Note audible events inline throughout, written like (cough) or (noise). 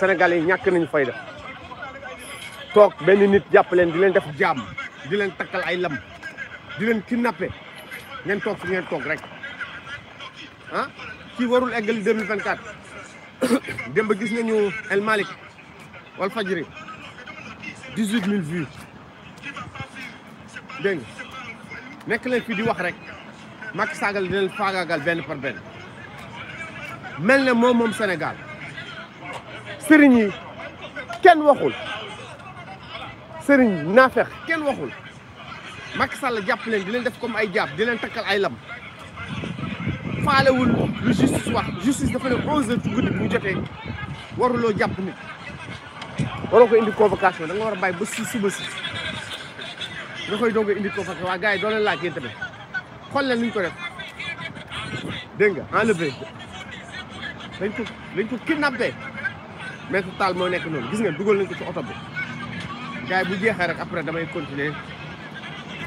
Sénégalais yi ñàkk nañu fayda toog benn nit jàpp leen di leen def jaam di leen takkal ay lam di leen nappe ngeen toog fi ngeen toog rek ah kii warul eggali 2024 (coughs) démb gis nañu El Malick wal fajri dix huit nekk leen fii di wax rek Macky Sall di leen faagaagal benn par benn mel ne moom moom Sénégal sëriñ yi kenn waxul sëriñ yi naafeq kenn waxul Macky Sall jàpp leen di leen def comme ay jàpp di leen takkal ay lam faalewul lu justice wax justice dafa ne onze heures ci guddi bu jotee waruloo jàpp nit waroo ko indi convocation da nga war a bàyyi ba si suba si nga koy doog a indi convocation waa gars yi doo leen laaj yéen tamit xool leen niñ ko def dégg nga enlevé dañ ko dañ ko kidnappé maître Tall moo nekk noonu gis nga dugal nañ ko ci oto bi gars yi bu jeexee rek après damay continuer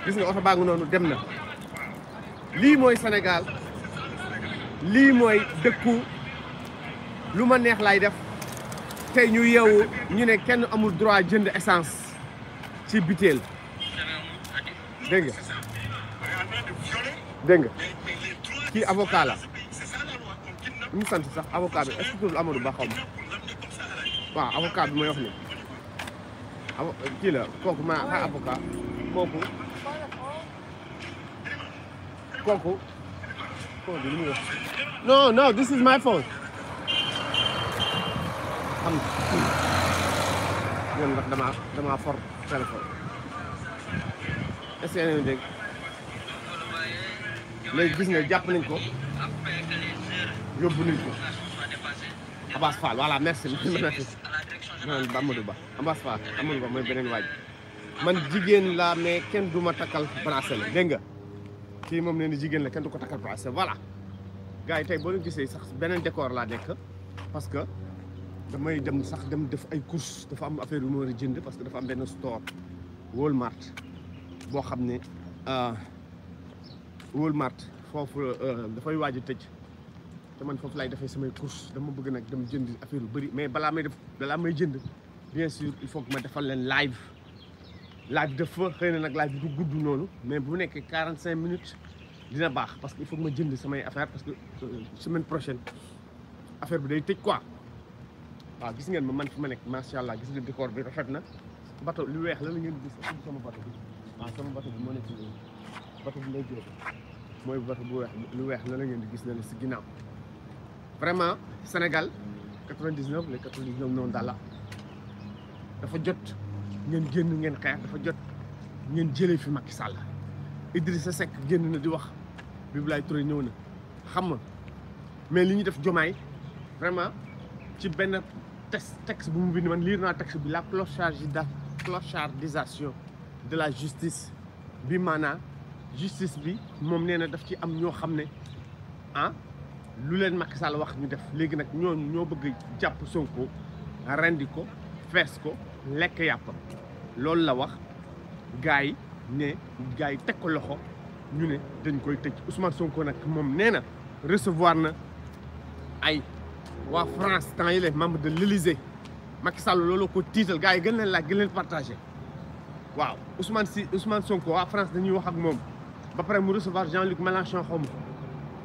gis nga oto baa ngi noonu dem na lii mooy Sénégal lii mooy dëkku lu ma neex laay def tey ñu yeewu ñu ne kenn amul droit jënd essence ci butéel dégg nga dégg nga kii avocat la ñu sant sax avocat bi est-ce que Ba xaw ma waaw avocat bi may wax ni avo kii la kooku ma xa avocat kooku kooku kooku bi lu mu wax non non this is my phone am yoon ndax dama dama for téléphone est-ce que yéen a dégg léegi gis nga jàpp nañ ko yóbbu nañ ko Abass Fall voilà merci merci maanaam Amadou Ba Amadou Ba Amadou Ba mooy beneen waaj man jigéen laa mais kenn du ma takkal bracelet dégg nga kii moom nee na jigéen la kenn du ko takkal bracelet voilà gars yi tey boo leen gisee sax beneen décor laa nekk parce que damay dem sax dem def ay course dafa am affaire yu ma a jënd parce que dafa am benn store Walmart boo xam ne euh, Walmart foofu euh, dafay waaj a tëj té man fofu lay défé samay course dama bëgg nak dem jënd affaire yu bëri mais bala may def bala may jënd bien sûr il faut que ma défal leen live live de feu xëy nak live du gudd noonu mais bu nekkee 45 minutes dina bax parce qu'il faut que ma jënd samay affaire parce que semaine prochaine affaire bi day tej quoi wa ah, gis ngeen ma man fi ma nekk allah gis nga décor bi rafet na bateau lu weex la ñu gis sama bateau bi ah, sama bateau bi mo nekk bateau bi lay jóge mooy bateau bu weex lu weex la ngeen di gis ne ci ginaaw vraiment Sénégal 99 les 99 non dafa jot ngeen ngeen Nous dafa jot ngeen jëlé fi Idrissa Seck na di wax mais li def vraiment ci texte bind man texte bi la clochardisation de la justice bi justice bi daf ci am ah, lu leen wax ñu def léegi nak ñooñu ñoo bëgg japp Sonko rendi ko fees ko lekk yàppam loolu la wax gaay né ne gars ko loxo ñu né dañ koy tecc Ousmane Sonko nak mom néna recevoir na ay wa France tan yi les membres de l'Élysée Macky Sall loolu ko tiital gaay gën leen la gën leen partager waaw Ousmane si Ousmane Sonko wa France dañuy wax ak mom ba paré mu recevoir Jean-Luc Mélenchon xom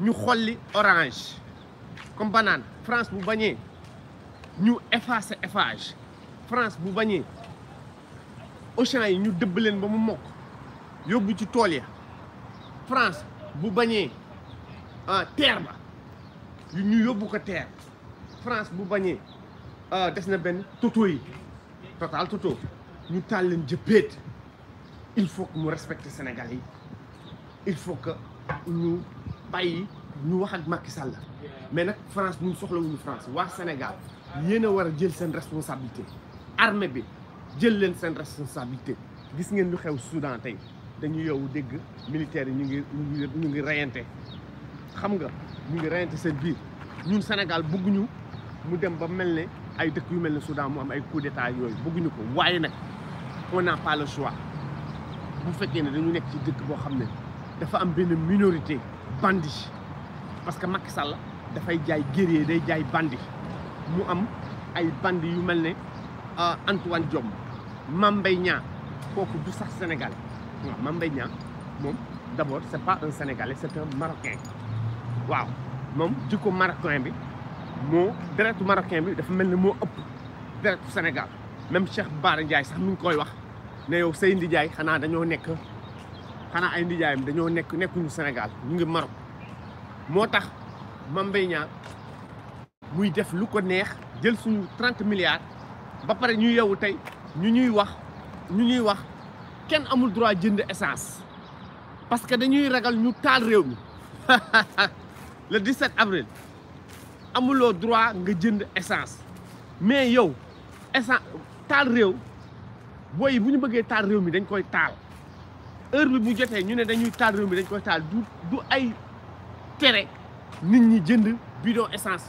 ñu xolli orange comme banane France bu bañee ñu effacer effage France bu bañee Auchan nous ñu dëbb leen ba mu France bu Terme. Ah, terre ba ñu yóbbu ko terre France bu bañee ah, des na total toto ñu Talent de il faut que mu respecter Sénégalais il faut que nous nous ñu wax Macky mais la France ñun en France waa Sénégal nous war jël responsabilité armée bi jël leen responsabilité gis ngeen lu xew Soudan Nous dañu yow militaires nous ngi ngi Nous xam nga ñu ngi Sénégal nous mu dem ba ay yu Soudan mu am d'état nous on n'a pas le choix vous faites une dañu nekk ci Nous sommes minorité bandit parce que Macky Sall dafay jaay guerrier day jaay bandit mu am ay bandit yu mel ne ah, Antoine Diome Mame Mbaye Niang kooku du sax sénégalais waaw Mame Mbaye Niang moom d' abord est pas un sénégalais c' est un marocain waaw moom jikko marocain bi moo deretu marocain bi dafa mel ne moo ëpp deretu Sénégal même Cheikh Bara Ndiaye sax mi ngi koy wax ne yow Seydi Ndiaye xanaa dañoo nekk. xanaa ay ndijaayam dañoo nekk nekkuñu Sénégal ñu ngi Maroc moo tax Mame Mbaye Niang muy def lu ko neex jël suñu trente milliards ba pare ñu yeewu tey ñu ñuy wax ñu ñuy wax kenn amul droit jënd essence parce que dañuy ragal ñu taal réew mi (laughs) le 17 avril amuloo droit nga jënd essence mais yow essence taal réew booy bu ñu bëggee taal réew mi dañ koy taal heure bi bu jotee ñu ne dañuy taal réew mi dañ koy taal du du ay tere nit ñi jënd bidon essence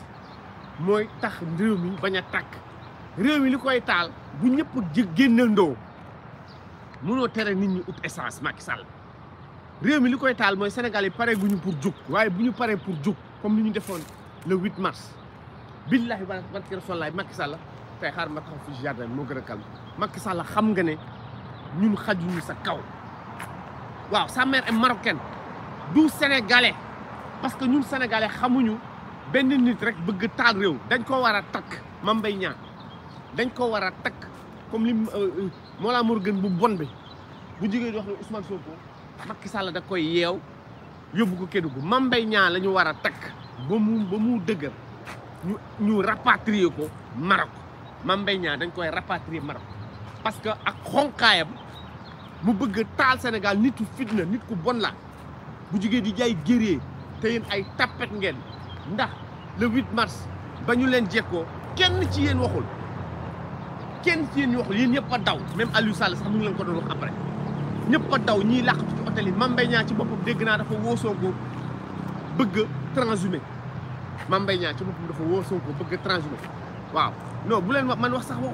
mooy tax réew mi bañ a tàkk réew mi li koy taal bu ñëpp génnandoo mënoo tere nit ñi ut essence Macky Sall réew mi li koy taal mooy Sénégal yi pare gu ñu pour jóg waaye bu ñu paree pour jóg comme ni ñu defoon le 8 mars billahi barki rasulaay Macky makki tey xaar ma taxaw fi jardin moo gën a calme makki Sall xam nga ne ñun xajuñu sa kaw waaw sa mère est marocaine du sénégalais parce que ñun sénégalais xamuñu ben nit rek bëgg taal rew dañ ko wara tak mam bay ñaan dañ ko wara tak comme lim euh, mola morgan bu bon bi bu jigéen di wax ni Ousmane Sonko Macky Sall da koy yew yobbu ko Kédougou Mame Mbaye Niang la ñu war ba mu ba mu dëgër ñu ñu rapatrier ko Maroc mam bay ñaan dañ koy rapatrier Maroc parce que ak xonkayam mu bëgg taal nit nitu fitna nit ku bon la bu jugee di jaay guerrier te yéen ay tappet ngeen ndax le 8 mars ba ñu leen jekkoo kenn ci yéen waxul kenn ci yéen ñu waxul yéen ñëpp a daw même Aliou Sall sax mu ngi leen ko doon wax après ñëpp a daw ñiy làqatu ci hôtel yi Mame ci boppam dégg naa dafa woo Sonko bëgg transhumé Mame Mbaye ci boppam dafa woo Sonko bëgg transhumé waaw non bu leen man wax sax